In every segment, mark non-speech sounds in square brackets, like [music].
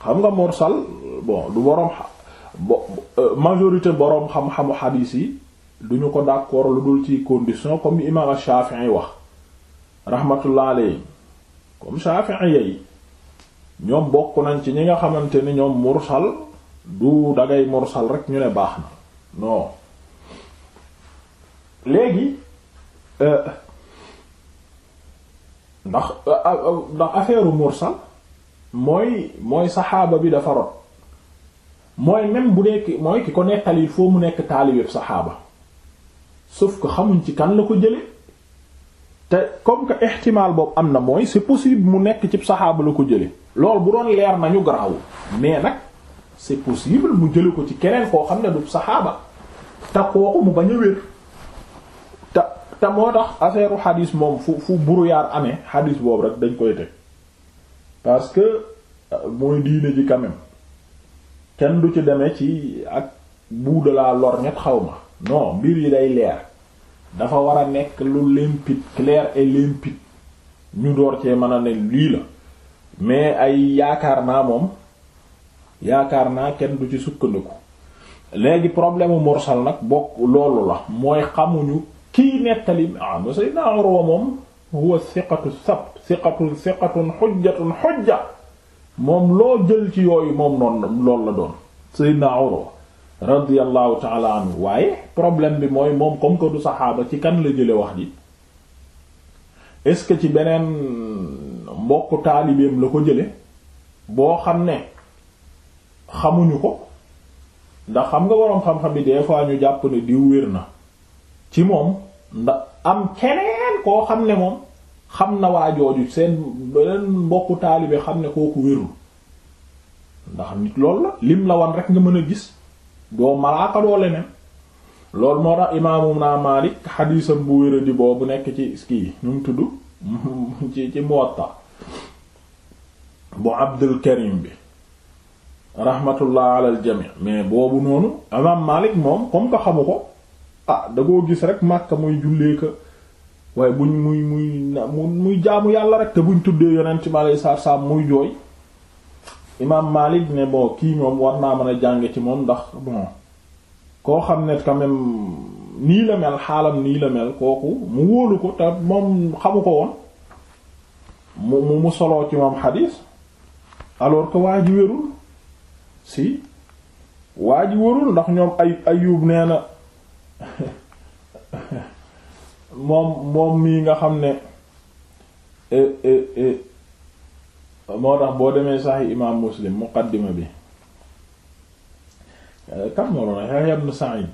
xam nga morsal bon du boroom bo euh, majorité boroom xam-xamu xadiis yi duñu ko d'accord lu dul ci condition comme imaam Shafi'i wax rahmatullah alayhi comme Shafi'i yi ñoom bokk nañ ci ñi nga xamante ni ñoom morsal du dangay morsal rek ñu ne baax na non léegi euh, ndax euh, ndax affaire mursal mooy mooy saxaaba bi dafa rot mooy même bu dee mooy ki ko nekkal il faut mu nekk taalibeeb saxaaba sauf ko xamuñ ci kan la ko jële te comme que ixtimaal boobu am na mooy c'est possible mu nekk ci saxaaba ko jële loolu bu leer nañu garaawul mais nag c'est possible mu jële ko ci keneen koo xam ne du saxaaba te kooku mu bañ a te te moo tax affaire xadiis moom fu fu brouillard amee xadiis boobu rek dañ koy teg mooy diine ji quand kenn du ci demee ci ak buuda laa lor ñett xaw ma non mbir yi day leer dafa war a nekk lu limpide clair et limpide ñu door cee mën a ne lii la mais ay yaakaar naa moom yaakaar naa kenn du ci sukkandiku léegi problème mu mursal nag bokk loolu la mooy xamuñu kiy nettali ah monsieur Naour moom huwa siqatu sabt siqatu siqatun xujjatun xujja moom loo jël ci yooyu moom noonu loolu la doon Seydina Urwa radiyallahu taala waaye problème bi mooy moom comme que du saxaaba ci kan la jële wax ji est-ce que ci beneen mbokk taalibeem la ko jële boo xam ne xamuñu ko ndax xam nga boroom xam-xam bi des fois ñu jàpp ne diw wér na ci moom ndax am keneen koo xam ne moom xam na waa jooju seen beneen mbokku taalibe xam ne kooku wérul ndax nit loolu la lim la wan rek nga mën a gis doo malaaka doo leneen loolu moo tax imaamu naa Maalik xadiisam bu wéra boobu nekk ci ski mu mu tudd [laughs] ci ci Muwatta bu Abdul Karim bi rahmatullah alal jami mais boobu noonu imaam Maalik moom comme ko xamu ko ah da gis rek Makka muy jullee waaye buñ muy muy muy jaamu yàlla rek te buñ tuddee yonent mi aleyhi salaatu salaam muy jooy imaam Malik ne bon kii moom war naa mën a jàng ci moom ndax bon koo xam ne quand même nii la mel xaalam nii la mel kooku mu wóolu ko te moom xamu ko woon mu mu soloo ci moom xadiis alors que waa ji wérul si waa ji wérul ndax ñoom ay Ayub nee [laughs] moom moom mii nga xam ne e, e, e, moo tax boo demee saxi imaam muslim muqaddima bi kam moo doon Yahya ibn Sa'id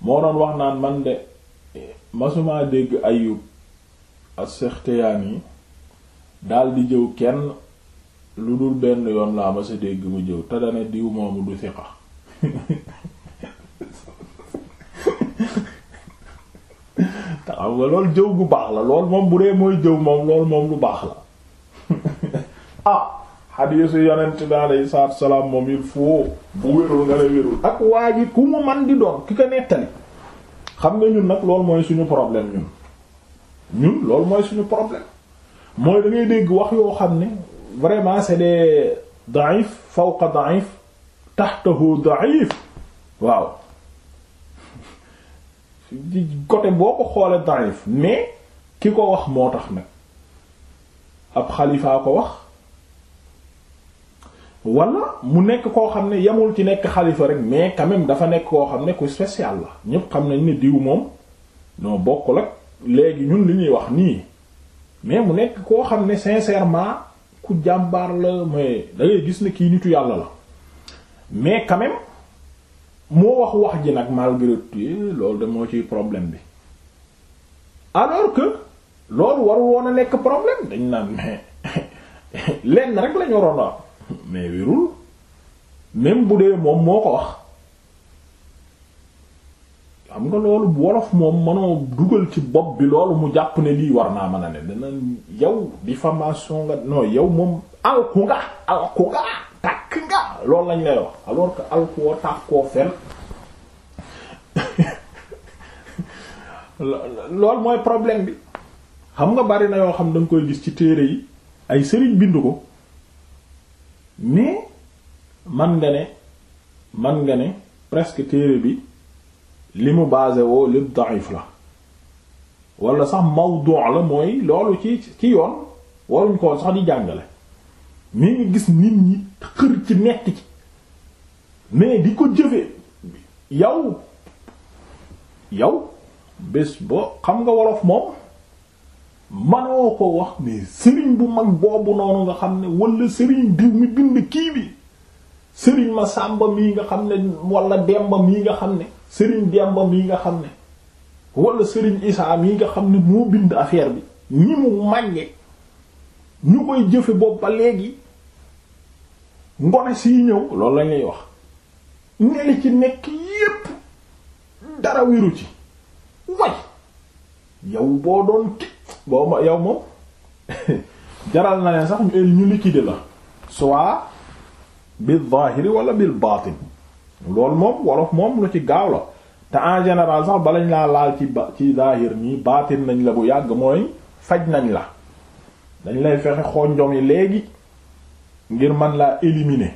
moo doon wax naan man de masumaa dégg Ayyub as yi dal di jëw kenn lu dul benn yoon laa ma sa dégg mu jëw te dana diw moomu du siqa [laughs] xam nga loolu jëw gu baax la loolu moom bu dee mooy jëw moom loolu moom lu baax la [laughs] ah xadiisu yonent bi alayhi salaatu salaam moom il faut bu wérul nga ne wérul ak waa ji ku mu man di doon ki ko nettali xam nga ñun nag loolu mooy suñu problème ñun ñun loolu mooy suñu problème mooy da dégg wax yoo xam ne vraiment c'est des faw fawqa da'if tahtahu da'if waaw côté boo ko xoolee daif mais ki ko wax moo tax nag ab xalifaa ko wax wala mu nekk koo xam ne yamul ci nekk xalifa rek mais quand dafa nekk koo xam ne ku spécial la ñépp xam nañ ne diw moom noo bokk ak léegi ñun li ñuy wax nii mais mu nekk koo xam ne sincèrement ku jàmbaar la mais da gis ni kii nitu yàlla la mais quand moo wax wax ji nag malgré tout loolu de moo ciy problème bi alors que loolu warul woon a nekk problème dañ naan mais [laughs] lenn rek lañu waroon a mais wérul même bu dee moom moo ko wax am nga loolu wolof moom mënoo dugal ci bopp bi loolu mu jàpp ne lii war naa man a ne dana yow diffamation nga non yow moom alku nga alku nga takk nga ah, loolu lañ lay wax alors que alkuwa tàkkoo fen mooy problème bi xam nga bari na yoo xam da nga koy gis ci téere yi ay sëriñ bind ko mais man nga ne man nga ne presque téere bi li mu basé woo lépp da'if la wala sax mawdu' la mooy loolu ci ci yoon waruñ ko sax di jàngale mais nga gis nit ñi xër ci nekk ci mais di ko jëfee yow yow bés boo xam nga wolof moom manoo ko wax mais sëriñ bu mag boobu noonu nga xam ne wala sëriñ diw mi bind kii bi sëriñ ma sàmba mii nga xam ne wala demba mii nga xam ne sëriñ demba mii nga xam ne walla sëriñ isaa mii nga xam ne moo bind affaire bi ñi mu màññe ñu koy jëfe boobu léegi ngone si ñëw loolu lañ lay wax ne li ci nekk yépp dara wiru ci way yow boo doon ki boo ma yow moom [laughs] jaral na ne sax ñu eh, ñu liquider la soit bil zahiri wala bil batin loolu moom wolof moom lu ci gaaw la te en général sax balañ laa laal ci ba ci zahir nii baatin nañ la bu yàgg mooy faj nañ la dañ lay fexe xonjom yi léegi ngir man laa éliminer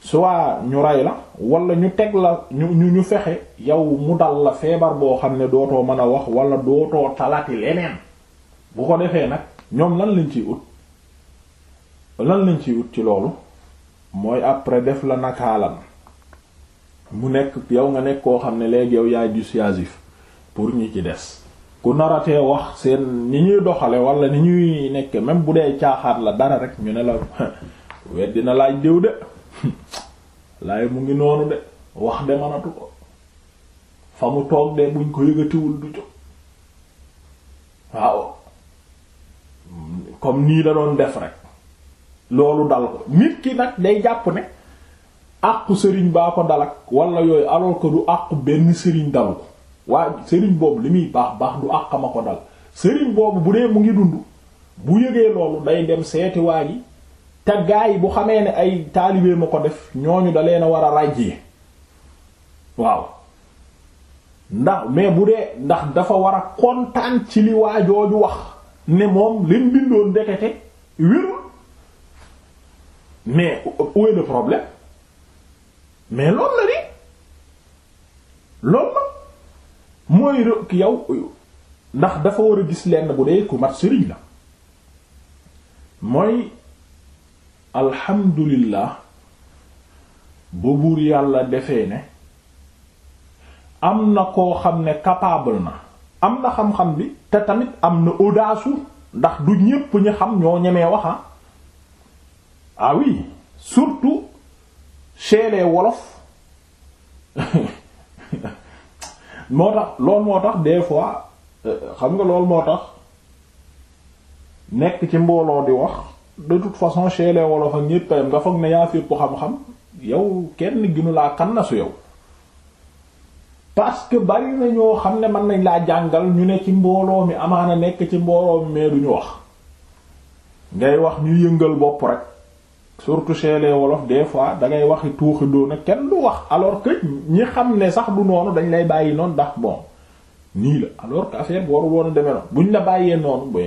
soit ñu rey la walla ñu teg la ñu ñu ñu fexe yow mu dal la feebar boo xam ne dootoo mën a wax wala dootoo talaati leneen bu ko defee nag ñoom lan lañ ciy ut lan lañ ciy ut ci loolu mooy après def la nakaalam mu nekk yow nga nekk koo xam ne léegi yow yaay dissuasif pour ñi ci des ku naratee wax seen ni ñuy doxale walla ni ñuy nekk même bu dee caaxaat la dara rek ñu ne la [laughs] wet dina laaj diw de [laughs] laay mu ngi noonu de wax de manatu ko fa mu toog de buñ ko yëgatiwul du jóg waaw comme nii la doon def rek loolu dal ko nit ki nag day jàpp ne àqu sëriñ baa ko dalak wala yooyu alors que du àqu benn sëriñ dalu ko waaye sëriñ boobu li muy baax baax du àq ma ko dal sëriñ boobu bu dee mu ngi dund bu yëgee loolu day dem seeti waa yi te gaa yi bu xamee ne ay taalibe ma ko def ñooñu da leen a war a ràjjee waaw ndax mais bu dee ndax dafa war a kontaan ci li waa wax ne moom leen bindoon ndekete wérul mais où est le problème mais loolu la ndax dafa war a gis lenn bu dee ku mat sëriñ la mooy alhamdulillah bu buur yàlla defee ne am na koo xam ne capable na am na xam-xam bi te tamit am na odaasu ndax du ñépp ñi xam ñoo ñemee wax ah, ah oui surtout chez wolof [laughs] moo tax loolu moo tax des fois euh, xam nga loolu moo tax nekk ci mbooloo di wax de toute façon chez les wolof ak ñépp yam nga foog ne yaa fépp xam-xam yow kenn ginu laa kan na su yow parce que bari ñoo xam ne man nañ laa jàngal ñu ne ci mbooloo mi amaana nekk ci mbooloo mi mais duñu wax ngay wax ñu yëngal bopp rek surtout chez les wolof des fois dangay waxi tuuxi doona kenn du wax alors que ñi xam ne sax du noonu dañ lay bàyyi noonu ndax bon nii la alors que affaire waru woon a demee noonu buñ la bàyyee noonu ba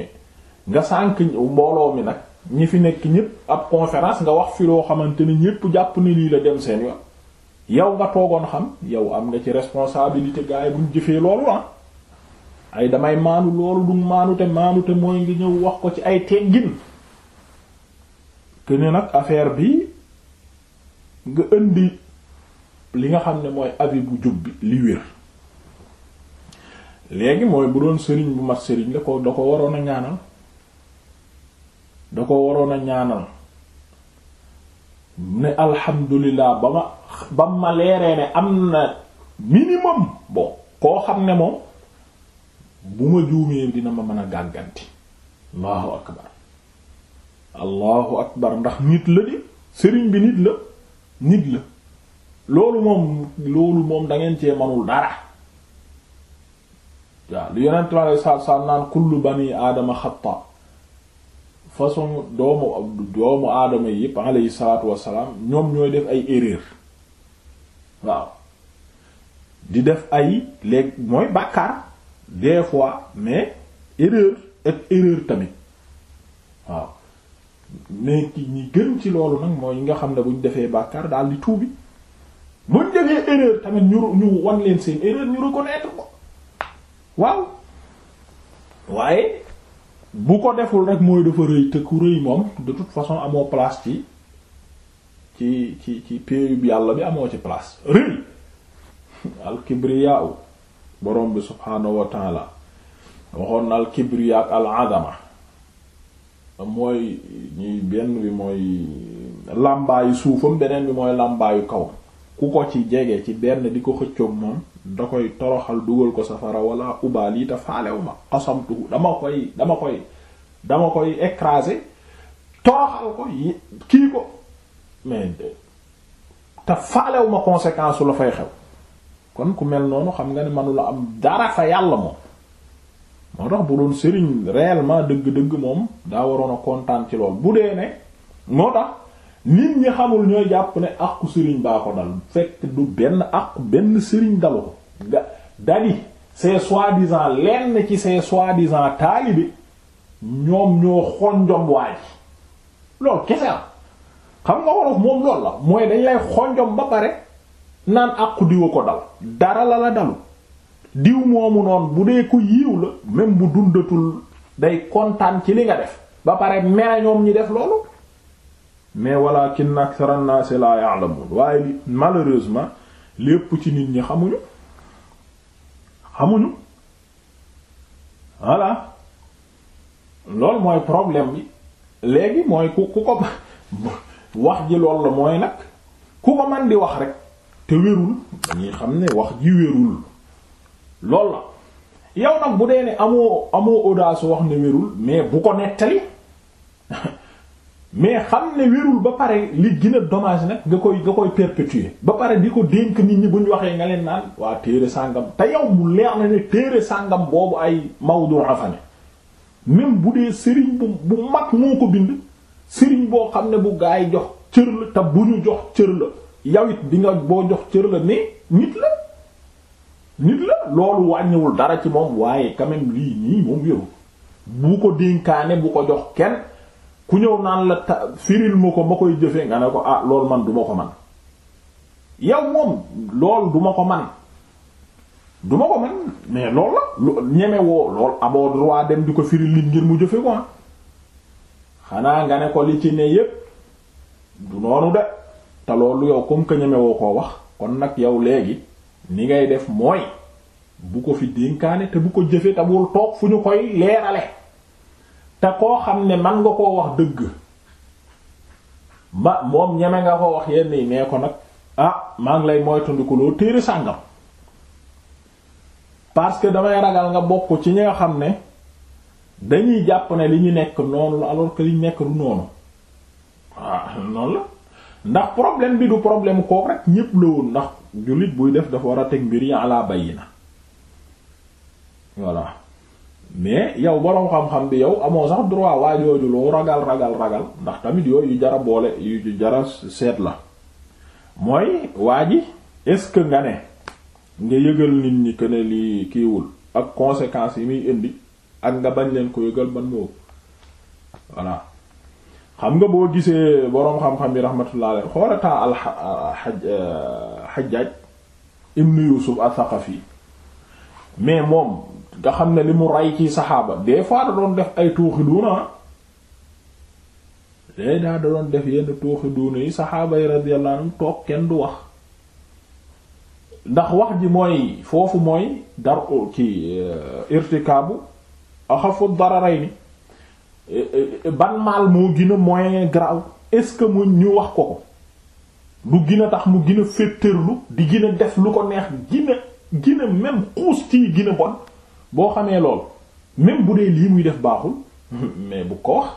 nga sànk mbooloo mi nag ñi fi nekk ñépp ab conférence nga wax fi loo xamante ni ñépp jàpp ni lii la dem seen yoon yow nga toogoon xam yow am nga ci responsabilité gars yi buñ jëfee loolu ah ay damay maanu loolu du maanute maanute mooy ngi ñëw wax ko ci ay teggin que ne nag affaire bi nga indi li nga xam ne mooy avis bu jub bi li wér léegi mooy bu doon sëriñ bu mat sëriñ la ko da ko waroon a ñaanal da ko waroon a ñaanal ne alhamdulilah ba ma ba ma leeree ne am na minimum bon koo xam ne moom bu ma juumee dina ma mën a gàgganti allahu akbar allahu akbar ndax nit la bi nit la nit la loolu moom loolu moom dangeen ngeen cee manul dara waaw lu yonent bi alei saatu salaam naan kullu bani aadama xata façon doomu doomu aadama yi yépp alayhi salaatu wassalaam ñoom ñooy def ay erreur waaw di def ay léeg mooy bàkkaar des fois mais erreur ak erreur tamit waaw mais ki ñi gën ci loolu nag mooy nga xam ne bu defee bàkkaar daal di tuubi bu ñu defee erreur tamit ñu ñu wan leen seen erreur ñu reconnaître ko waaw waaye bu ko deful rek mooy dafa rëy te ku rëy moom de toute façon amoo place ci ci ci ci péeyub yàlla bi amoo ci place rëy alkibriya borom bi subhaanahu wa taala waxoon na alkibriya ak al adama mooy ñuy benn bi mooy làmbaayu suufam beneen bi mooy làmbaayu kaw ku ko ci jege ci benn di ko xëccoog moom da koy toroxal dugal ko safara wala ubaal yi te faalewu ma xasamtuhu dama koy dama koy dama koy écraser toroxal ko kii ko mais te faalewu ma conséquence la fay xew kon ku mel noonu xam nga ne manula am dara fa yàlla moom moo tax bu doon sëriñ réellement dëgg-dëgg moom daa waroon a kontaan ci lool bu dee ne moo tax nit ñi xamul ñooy jàpp ne àqu sëriñ baa ko dal fekk du benn àqu benn sëriñ dalu ko da dali ces soi-disant lenn ci ces soi-disant taalibe ñoom ñoo xonjom waaj loolu kese am xam nga wolof moom loolu la mooy dañ lay xonjom ba pare naan àqu diwa ko dal dara la la dalu diw moomu noonu bu dee ko yiiw la même bu dundatul day kontaan ci li nga def ba pare mera ñoom ñi def loolu mais walakin akthara an-nas la ya'lamun waaye li malheureusement lépp ci nit ñi xamuñu xamuñu voilà loolu mooy problème bi léegi mooy ku ku ko [laughs] wax ji loolu la mooy nag ku ko man di wax rek te wérul ñi xam ne wax ji wérul lool la yow nag bu dee ne amoo amoo audace wax ne wérul mais bu ko nettali [laughs] mais xam ne wérul ba pare li gën a dommage nag nga koy nga koy perpétuer ba pare di ko dénk nit ñi buñ waxee nga leen naan waa téere sàngam te yow mu leer na ne téere sàngam boobu ay mawdu afane même bu dee sëriñ bu bu mag moo ko bind sëriñ boo xam ne bu gaa yi jox cër la te bu ñu jox cër la yow it boo jox cër la ne nit la nit la loolu wàññiwul dara ci moom waaye quand même lii nii moom wérul bu ko dénkaane bu ko jox kenn ku ñëw naan la ta firil ma ko ma koy jëfee nga ne ko ah lool man duma ko man yow moom loolu duma ko man duma ko man mais loolu la ñeme woo loolu amoo droit dem di ko firil nit ngir mu jëfe ko ah. xanaa nga ne ko li ci ne yépp du noonu de te loolu yow comme que ñeme woo koo wax kon nag yow léegi ni ngay def mooy bu ko fi dénkaane te bu ko jëfe te toog fu ñu koy leerale te koo xam ne man nga koo wax dëgg ma moom ñeme nga ko wax yenn yi nee ko nag ah maa ngi lay moytandiku loo téere sàngam parce que damay ragal nga bokk ci ñi nga xam ne dañuy jàpp ne li ñu nekk noonu la alors que li ñu nekk du noonu ah noonu la ndax problème bi du problème kooku rek ñépp la woon ndax jullit buy def dafa war a teg mbir yi ala bayina voilà. mais yow boroom xam-xam bi yow amoo sax droit waa jooju lu ragal ragal ragal ndax tamit yooyu jara boole yu jara seet la mooy waa ji est-ce que nga ne nga yëgal nit ñi que ne lii kiiwul ak conséquences yi muy indi ak nga bañ leen ko yëgal ban moo voilà xam nga boo gisee boroom xam-xam yi rahmatullah alayhi xoolataa al euh, Hajjaj ibn Yusuf al-Thaqafi mais moom nga xam ne li mu ray ci saxaaba des fois da doon def ay tuuxi duuna léegi daa doon def yenn tuuxi duuna yi saxaaba yi radiyallahu anhum toog kenn du wax ndax wax ji mooy foofu mooy dar ci euh, irtikaabu axafu dararayni e, e, e, ban mal moo gën a moyen grave est-ce que mu ñu wax ko ko du gën a tax mu gën a féttërlu di gën def lu ko neex gën a gën a xuus ci gën bon boo xamee lool même bu dee lii muy def baaxul [laughs] mais bu ko wax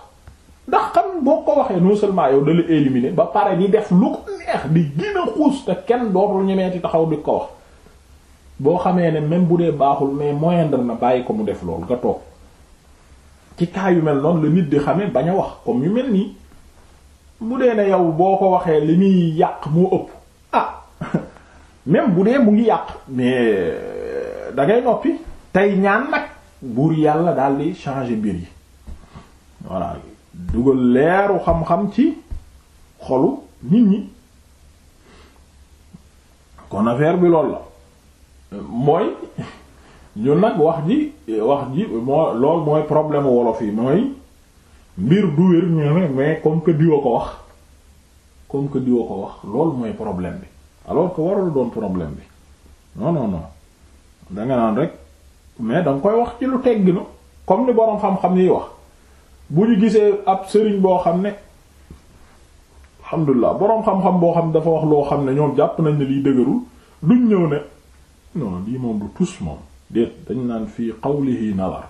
ndax xam boo ko waxee non seulement yow dala éliminer ba pare di def lu ko neex di gën a xuus te kenn dootul ñemeeti taxaw di ko wax boo xamee ne même bu dee baaxul mais moindre na bàyyi ko mu def lool nga toog ci cas yu mel noonu la nit di xamee bañ a wax comme yu mel nii mu dee ne yow boo ko waxee li muy yàq moo ëpp ah [laughs] même bu dee mu ngi yàq mais euh, da ngay noppi tey ñaan nag buur yàlla daal di changer mbir yi voilà dugal leeru xam-xam ci xolu nit ñi kon affaire bi lool la mooy ñun nag wax ji wax ji moo loolu mooy problème wolof yi mooy mbir du wér ñu ne mais comme que ko wax comme que diwa ko wax lool mooy problème bi alors ko warul doon problème bi non non danga naan rek. mais danga koy wax ci lu tegginu comme ni boroom xam-xam yi wax bu ñu gisee ab sëriñ boo xam ne alhamdulilah boroom xam-xam boo xam ne dafa wax loo xam ne ñoom jàpp nañ ne liy dëgërul duñ ñëw ne non lii moom du tus moom déet dañ naan fii qawlihi nadar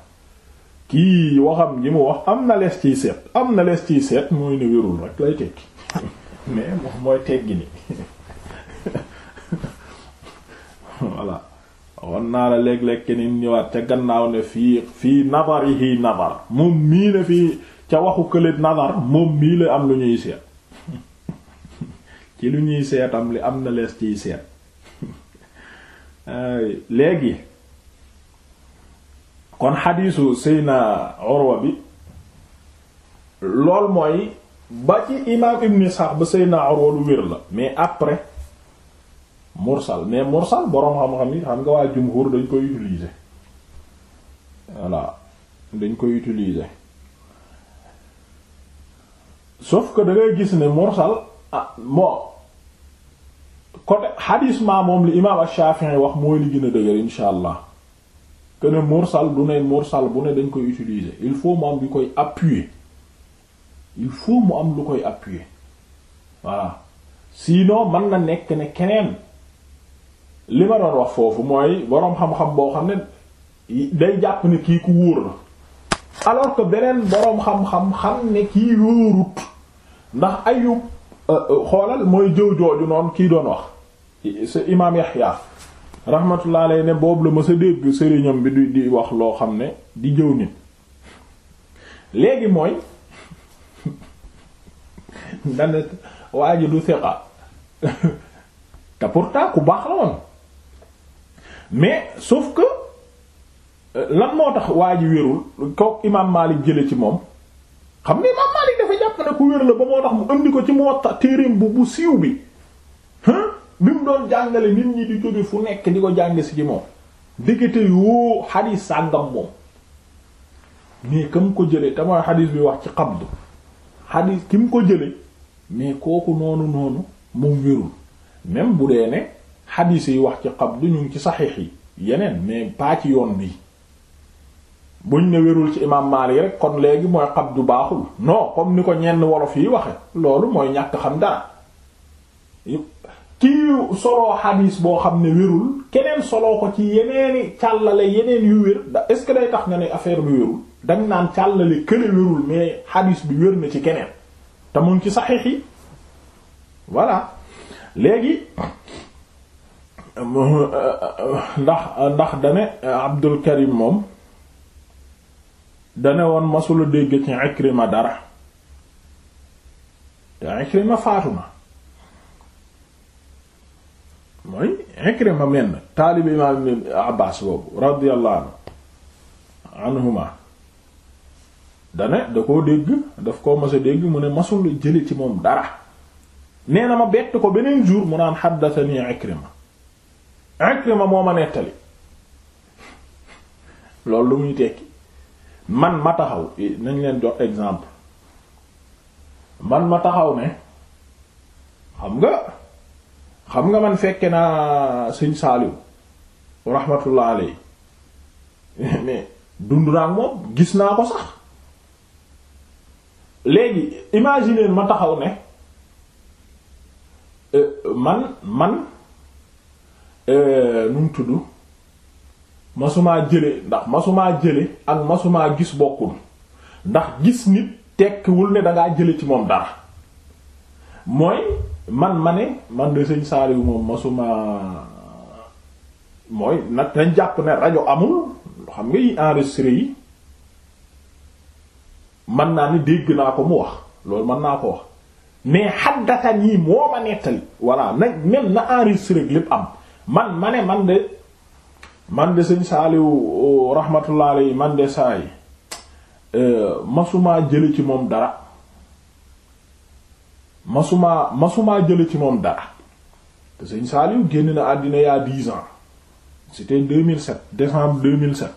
kii waxam ji mu wax am na lees ciy seet am na lees ciy seet mooy ne wérul rek lay tekki [laughs] mais moom mooy teggi ni [laughs] voilà won naa la léeg-léeg keneen ñëwaat ca gannaaw ne fii fii nazarihi nazar moom mii ne fii ca waxu kële nazar moom mii la am lu ñuy seet [laughs] ci lu ñuy seetam li am na lees ciy seet [laughs] léegi kon xadiisu seyna Urwa bi lool mooy ba ci imaam Ibn Sa'd ba seyna Urwa lu wér la mais après mursal mais mursal boroom xam-xam ni xam nga waa jumhur dañ koy utiliser voilà dañ koy utiliser sauf ko da gis ne mursal ah moo côté xadiis ma moom li imaam Shafi'i wax mooy li gën a dëgër insha allah que ne mursal du ne mursal bu ne dañ koy utiliser il faut mu am lu koy appuyer il faut mu am lu koy appuyer voilà sinon mën na nekk ne keneen. li ma doon wax foofu mooy boroom xam-xam boo xam ne day jàpp ni kii ku wóor la alors que beneen boroom xam-xam xam ne kii wóorut ndax ayub euh, euh, xoolal mooy jëw jooju noonu kii doon wax sa imaam Yaxya rahmatullah alayhi ne boobu la ma sa dégg sëriñam bi di di wax loo xam ne di jëw nit léegi mooy [laughs] dana waa ji lu seqa [laughs] te pourtant ku baax la woon mais sauf que euh, lan moo tax waa ji wérul kook imaam Maalik jële ci moom xam nga imaam Maalik dafa jàpp ku wér la ba moo tax mu indi ko ci Muwatta téereem bu bu siiw bi bi mu doon jàngale nit ñi di jóge fu nekk di ko jàng si ci moom ndekete yoo xadiis sàngam moom mais kam ko jële te mooy xadiis bi wax ci qabdu xadiis ki mu ko jële mais kooku noonu noonu moom wérul même bu dee ne xadiis yi wax ci qabdu ñu ngi ci saxiix yi yeneen mais pas ci yoon bi buñ ne wérul ci imaam Maalik rek kon léegi mooy qabdu baaxul noo comme ni ko ñenn wolof yi waxe loolu mooy ñàkk xam dara kii soloo xadiis boo xam ne wérul keneen solo ko ci yeneeni càllale yeneen yu wér da est day tax nga ne affaire bi wérul dang naan càllale kële wérul mais xadiis bi wér na ci keneen te muñ ci saxiix yi voilà léegi ndax ndax dane Abdul Karim moom dane woon masula dégg ci Ikrima dara te Ikrima faatu na mooy Ikrima menn taalibi imaam Abbaas boobu radiyallahu anhuma dane da koo dégg daf koo mas a dégg mu ne masula jële ci moom dara nee na ma bett ko beneen jour mu naan xaddatani Ikrima Ikrima moo ma nettali loolu lu muy tekki man ma taxaw nañ leen jox exemple man ma taxaw ne xam nga xam nga man fekke naa sëñ Saaliw rahmatullah alay mais dund moom gis naa ko sax léegi imaginer ma taxaw ne euh, man man Euh, nu mu tudd masumaa jële ndax masumaa jële ak masumaa gis bokkul ndax gis nit tekkiwul ne dangaa jële ci moom dara mooy man ma ne man de sëñ saaliwu moom masumaa mooy nag dañ jàpp ne rajo amul xam nga yi enregistré yi man naa ni dégg naa ko mu wax loolu mën naa ko wax mais xaddatan yi moo ma nettali voilà nag même na enregistré lépp am man ma ne man de man de sëñ Saaliw oh, rahmatullah alayhi man de saa yi euh, masumaa jële ci moom dara masumaa masumaa jële ci moom dara te sëñ Saaliw génn na àddina yaa dix ans c'était 2007 décembre 2007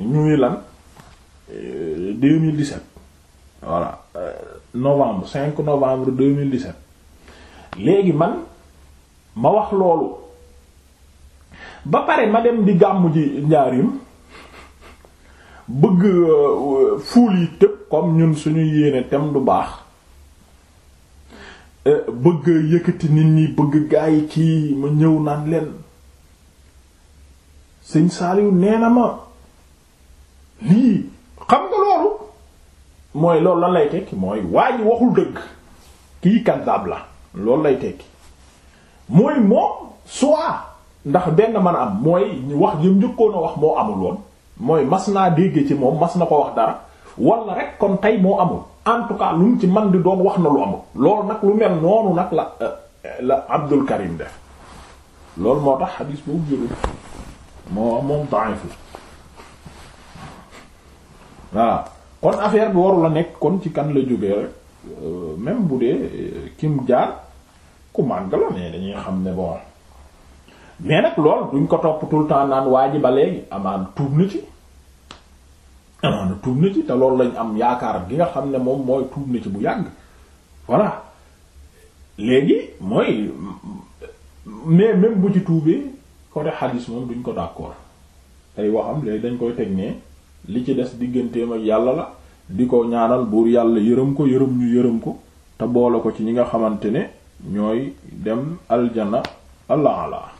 ñu ngi lan 2017 euh, voilà euh, novembre 5 novembre 2017 léegi man ma wax loolu ba pare ma dem di gàmm ji njaarim bëgg euh, fuul yi tëb comme ñun suñu yéene tem du baax euh, bëgg yëkkati nit ñi bëgg gaa yi kii ma ñëw naan leen sëñ Saliou nee ma lii xam nga loolu mooy loolu lan lay tekki mooy waa waxul dëgg kii kaddaab la lool lay tekki mooy moom soit ndax benn man a am mooy wax jëm njëkkoon a wax moo amul woon mooy mas naa dégg ci moom mas na ko wax dara wala rek kon tey moo amul en tout cas mu ci man di doon wax na lu amul loolu nag lu mel noonu nag la euh, la Abdul Karim def loolu moo tax xadiis boobu jëlul moo moom da'if voilà kon affaire bi warul a nekk kon ci kan la jógee rek euh, même bu dee euh, kim jaar ku màgg la mais dañuy xam ne bon mais nag lool duñ ko topp tout le naan waa ji ba léegi amaana tuub na ci amaana tuub na ci te loolu lañ am yaakaar gi nga xam ne moom mooy tuub na ci bu yàgg voilà léegi mooy mais même bu ci tuubee côté xadis moom duñ ko d'accord ay waxam léegi dañ koy teg ne li ci des digganteem ak yàlla la di ko ñaanal buur yàlla yërëm ko yërëm ñu yërëm ko te boole ko ci ñi nga xamante ne ñooy dem aljana allah ala